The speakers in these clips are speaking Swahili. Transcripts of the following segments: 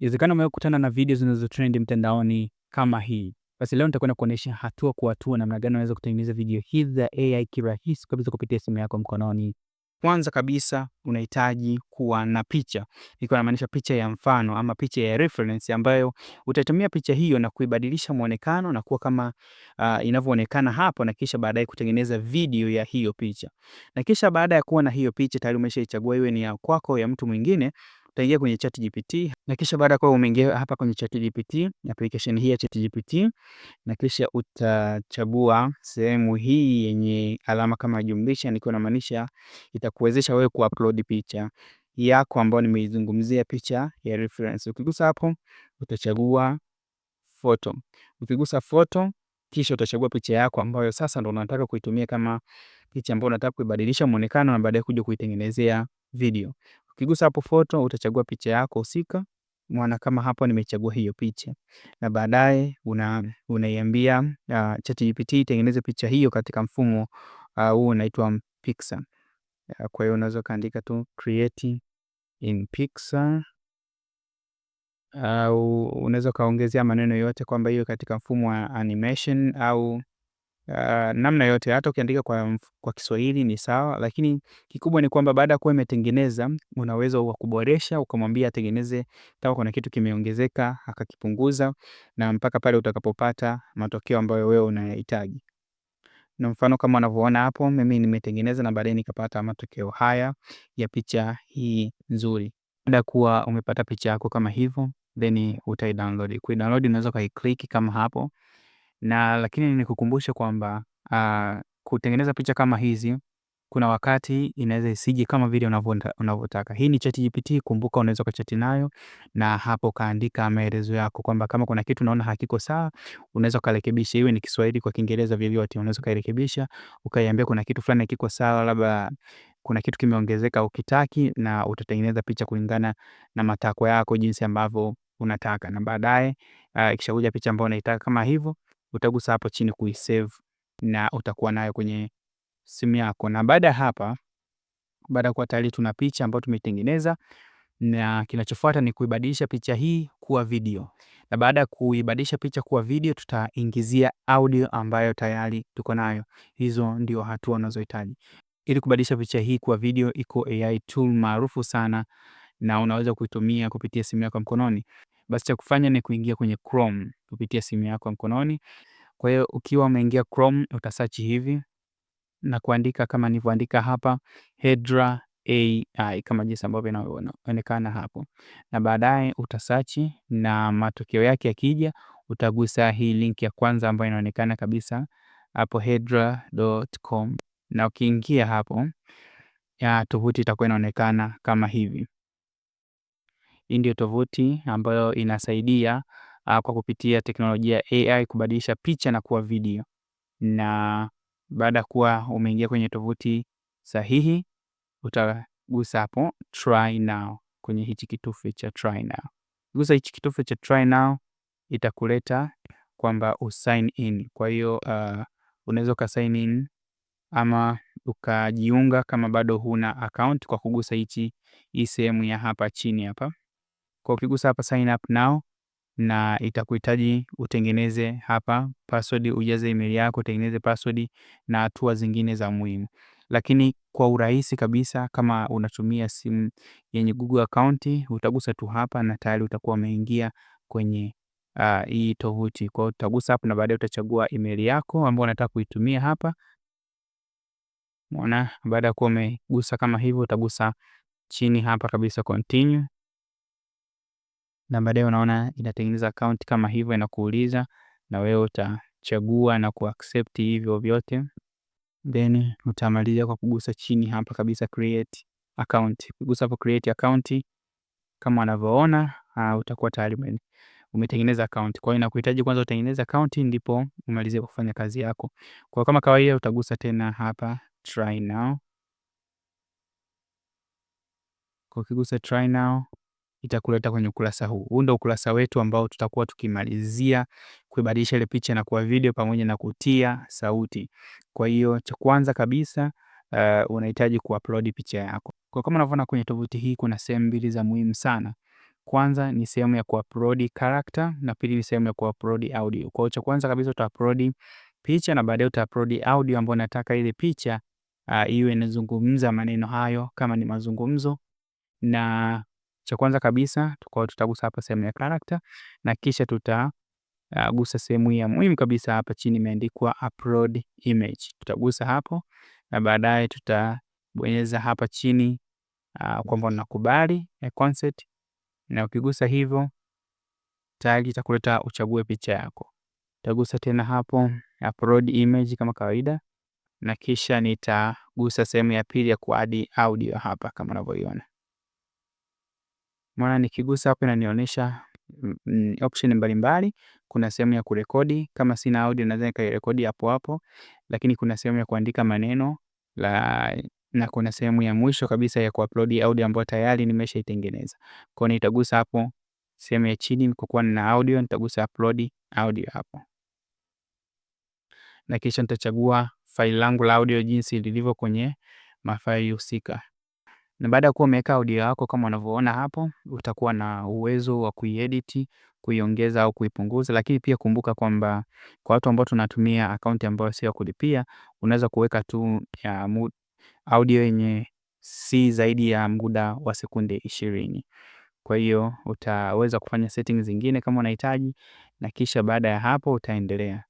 Inawezekana umekutana na video zinazotrend mtandaoni kama hii. Basi leo nitakwenda kuonesha hatua kwa hatua namna gani unaweza kutengeneza video hizi za AI kirahisi kabisa kupitia simu yako mkononi. Kwanza kabisa unahitaji kuwa na picha, ikiwa inamaanisha picha ya mfano ama picha ya reference, ambayo utatumia picha hiyo na kuibadilisha mwonekano na kuwa kama uh, inavyoonekana hapo, na kisha baadaye kutengeneza video ya hiyo picha. Na kisha baada ya kuwa na hiyo picha tayari umeshaichagua, iwe ni ya kwako ya mtu mwingine, utaingia kwenye ChatGPT na kisha baada ya kuwa umeingia hapa kwenye ChatGPT, application hii ya ChatGPT, na kisha utachagua sehemu hii yenye alama kama jumlisha, nikiwa namaanisha itakuwezesha wewe kuupload picha yako ambayo nimeizungumzia, picha ya reference. Ukigusa hapo utachagua photo, ukigusa photo kisha utachagua picha yako ambayo sasa ndo unataka kuitumia kama picha ambayo unataka kuibadilisha muonekano na baadaye kuja kuitengenezea video. Ukigusa hapo photo, utachagua picha yako husika. Mwana kama hapo nimechagua hiyo picha, na baadaye unaiambia una uh, ChatGPT itengeneze picha hiyo katika mfumo ah, huu uh, unaitwa Pixa. Uh, ah, kwa hiyo unaweza ukaandika tu create in Pixa au uh, unaweza ukaongezea maneno yote kwamba hiyo katika mfumo wa animation au uh, namna yote, hata ukiandika kwa, kwa Kiswahili ni sawa, lakini kikubwa ni kwamba baada ya kuwa imetengeneza unaweza ukaboresha, ukamwambia atengeneze kama kuna kitu kimeongezeka akakipunguza, na mpaka pale utakapopata matokeo ambayo wewe unayahitaji. Na mfano kama unavyoona hapo, mimi nimetengeneza na baadaye nikapata matokeo haya ya picha hii nzuri. Baada ya kuwa umepata picha yako kama hivyo, then utai download. Kui download unaweza ukaiclick kama hapo na lakini nikukumbushe kwamba uh, kutengeneza picha kama hizi kuna wakati inaweza isije kama vile unavyotaka. Hii ni ChatGPT, kumbuka unaweza ukachati nayo na hapo kaandika maelezo yako kwamba kama kuna kitu unaona hakiko sawa, unaweza ukarekebisha, iwe ni Kiswahili kwa Kiingereza, vyovyote unaweza ukairekebisha, ukaiambia kuna kitu fulani hakiko sawa, labda kuna kitu kimeongezeka ukitaki, na utatengeneza picha kulingana na matakwa yako jinsi ambavyo unataka, na baadaye uh, ikishakuja picha ambayo unaitaka kama hivyo utagusa hapo chini kuisave na utakuwa nayo kwenye simu yako. Na baada ya hapa, baada ya kuwa tayari tuna picha ambayo tumetengeneza na kinachofuata ni kuibadilisha picha hii kuwa video, na baada ya kuibadilisha picha kuwa video, tutaingizia audio ambayo tayari tuko nayo. Hizo ndio hatua unazohitaji ili kubadilisha picha hii kuwa video. Iko AI tool maarufu sana na unaweza kuitumia kupitia simu yako mkononi basi cha kufanya ni kuingia kwenye Chrome kupitia simu yako ya mkononi. Kwa hiyo ukiwa umeingia Chrome utasearch hivi na kuandika kama nilivyoandika hapa Hedra AI kama jinsi ambavyo inaonekana hapo, na baadaye utasearch na matokeo yake yakija, utagusa hii link ya kwanza ambayo inaonekana kabisa hapo hedra.com, na ukiingia hapo ya tovuti itakuwa inaonekana kama hivi. Hii ndio tovuti ambayo inasaidia uh, kwa kupitia teknolojia AI kubadilisha picha na kuwa video, na baada ya kuwa umeingia kwenye tovuti sahihi utagusa hapo try now, kwenye hichi kitufe cha try now. Gusa hichi kitufe cha try now, itakuleta kwamba usign in. Kwa hiyo uh, unaweza uka sign in ama ukajiunga kama bado huna account kwa kugusa hichi hii sehemu ya hapa chini hapa. Kwa ukigusa hapa sign up now na itakuhitaji utengeneze hapa password, ujaze email yako, utengeneze password na hatua zingine za muhimu. Lakini kwa urahisi kabisa, kama unatumia simu yenye Google account, utagusa tu hapa na tayari utakuwa umeingia kwenye uh, hii tovuti. Kwa hiyo utagusa hapa na baadaye utachagua email yako ambayo unataka kuitumia hapa. Mwana, baada ya kuwa umegusa kama hivyo, utagusa chini hapa kabisa continue na baadaye unaona inatengeneza account kama hivyo, inakuuliza na wewe utachagua na kuaccept hivyo vyote, then utamaliza kwa kugusa chini hapa kabisa create account. Kugusa hapo create account kama unavyoona, uh, utakuwa tayari umetengeneza account. Kwa hiyo inakuhitaji kwanza utengeneze account ndipo umalize kufanya kazi yako. Kwa kama kawaida utagusa tena hapa try now. Kwa kigusa try now itakuleta kwenye ukurasa huu. Huu ndio ukurasa wetu ambao tutakuwa tukimalizia kuibadilisha ile picha na kuwa video pamoja na kutia sauti. Kwa hiyo cha kwanza kabisa uh, unahitaji kuupload picha yako. Kwa kama unavyoona kwenye tovuti hii kuna sehemu mbili za muhimu sana. Kwanza ni sehemu ya kuupload character na pili ni sehemu ya kuupload audio. Kwa hiyo cha kwanza kabisa utaupload picha na baadaye utaupload audio ambayo unataka ile picha uh, iwe inazungumza maneno hayo kama ni mazungumzo na cha kwanza kabisa tukao tutagusa hapa sehemu ya character na kisha tutagusa ah, uh, sehemu ya muhimu kabisa hapa chini imeandikwa upload image. Tutagusa hapo na baadaye tutabonyeza hapa chini uh, ah, kwamba nakubali eh, consent na ukigusa hivyo tayari itakuleta uchague picha yako. Utagusa tena hapo upload image kama kawaida na kisha nitagusa sehemu ya pili ya kuadi audio hapa kama unavyoiona maana nikigusa hapo inanionyesha mm, mm, option mbalimbali. Kuna sehemu ya kurekodi, kama sina audio naweza nikairekodi hapo hapo, lakini kuna sehemu ya kuandika maneno la, na kuna sehemu ya mwisho kabisa ya kuupload audio ambayo tayari nimeshaitengeneza. Kwa hiyo nitagusa hapo sehemu ya chini kwa kuwa nina audio, nitagusa upload audio hapo, na kisha nitachagua faili langu la audio jinsi lilivyo kwenye mafaili husika na baada ya kuwa umeweka audio yako kama unavyoona hapo, utakuwa na uwezo wa kuiedit, kuiongeza au kuipunguza. Lakini pia kumbuka kwamba kwa watu ambao tunatumia akaunti ambayo sio kulipia, unaweza kuweka tu ya audio yenye si zaidi ya muda wa sekunde ishirini. Kwa hiyo utaweza kufanya settings zingine kama unahitaji, na kisha baada ya hapo utaendelea.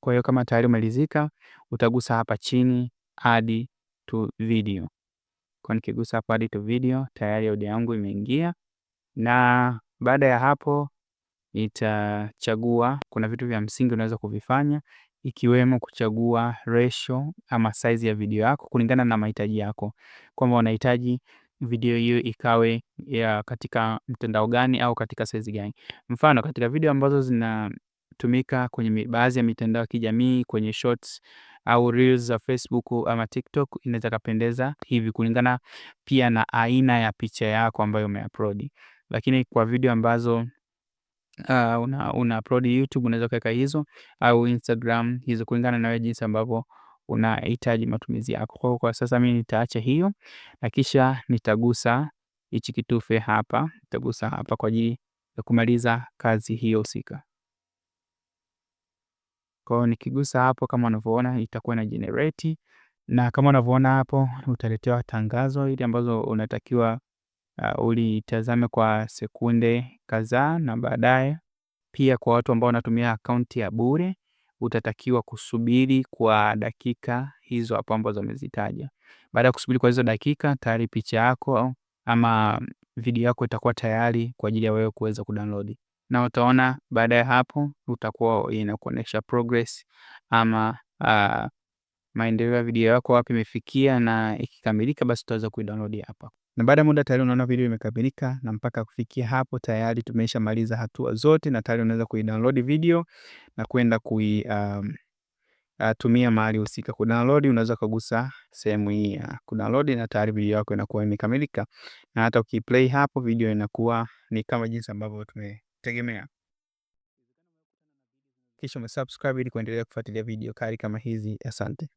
Kwa hiyo kama tayari umelizika, utagusa hapa chini add to video kwa nikigusa hapo hadi tu video tayari audio yangu imeingia, na baada ya hapo itachagua. Kuna vitu vya msingi unaweza kuvifanya ikiwemo kuchagua ratio ama size ya video yako kulingana na mahitaji yako, kwamba unahitaji video hiyo ikawe ya katika mtandao gani au katika size gani. Mfano, katika video ambazo zina zinatumika kwenye baadhi ya mitandao ya kijamii kwenye shorts au reels za Facebook ama TikTok inaweza kapendeza hivi kulingana pia na aina ya picha yako ambayo umeupload. Lakini kwa video ambazo uh, una, una upload YouTube unaweza kaweka hizo au Instagram hizo kulingana na wewe jinsi ambavyo unahitaji matumizi yako. Kwa kwa sasa mimi nitaacha hiyo na kisha nitagusa hichi kitufe hapa, nitagusa hapa kwa ajili ya kumaliza kazi hiyo husika. Kwa hiyo nikigusa hapo kama unavyoona itakuwa na generate na kama unavyoona hapo utaletewa tangazo ili ambazo unatakiwa uh, ulitazame kwa sekunde kadhaa na baadaye. Pia kwa watu ambao wanatumia akaunti ya bure utatakiwa kusubiri kwa dakika hizo hapo ambazo umezitaja. Baada ya kusubiri kwa hizo dakika, tayari picha yako ama video yako itakuwa tayari kwa ajili ya wewe kuweza kudownload na utaona baada ya hapo utakuwa inakuonyesha progress ama uh, maendeleo ya video yako wapi imefikia, na ikikamilika basi utaweza kuidownload hapa. Na baada ya muda tayari unaona video imekamilika, na mpaka kufikia hapo tayari tumeshamaliza hatua zote, na tayari unaweza kuidownload video na kwenda kui um, uh, tumia mahali husika download. Unaweza kugusa sehemu hii ya ku download na tayari video yako inakuwa imekamilika, na hata ukiplay hapo video inakuwa ni kama jinsi ambavyo tume tegemea. Kisha umesubscribe ili kuendelea kufuatilia video kali kama hizi. Asante.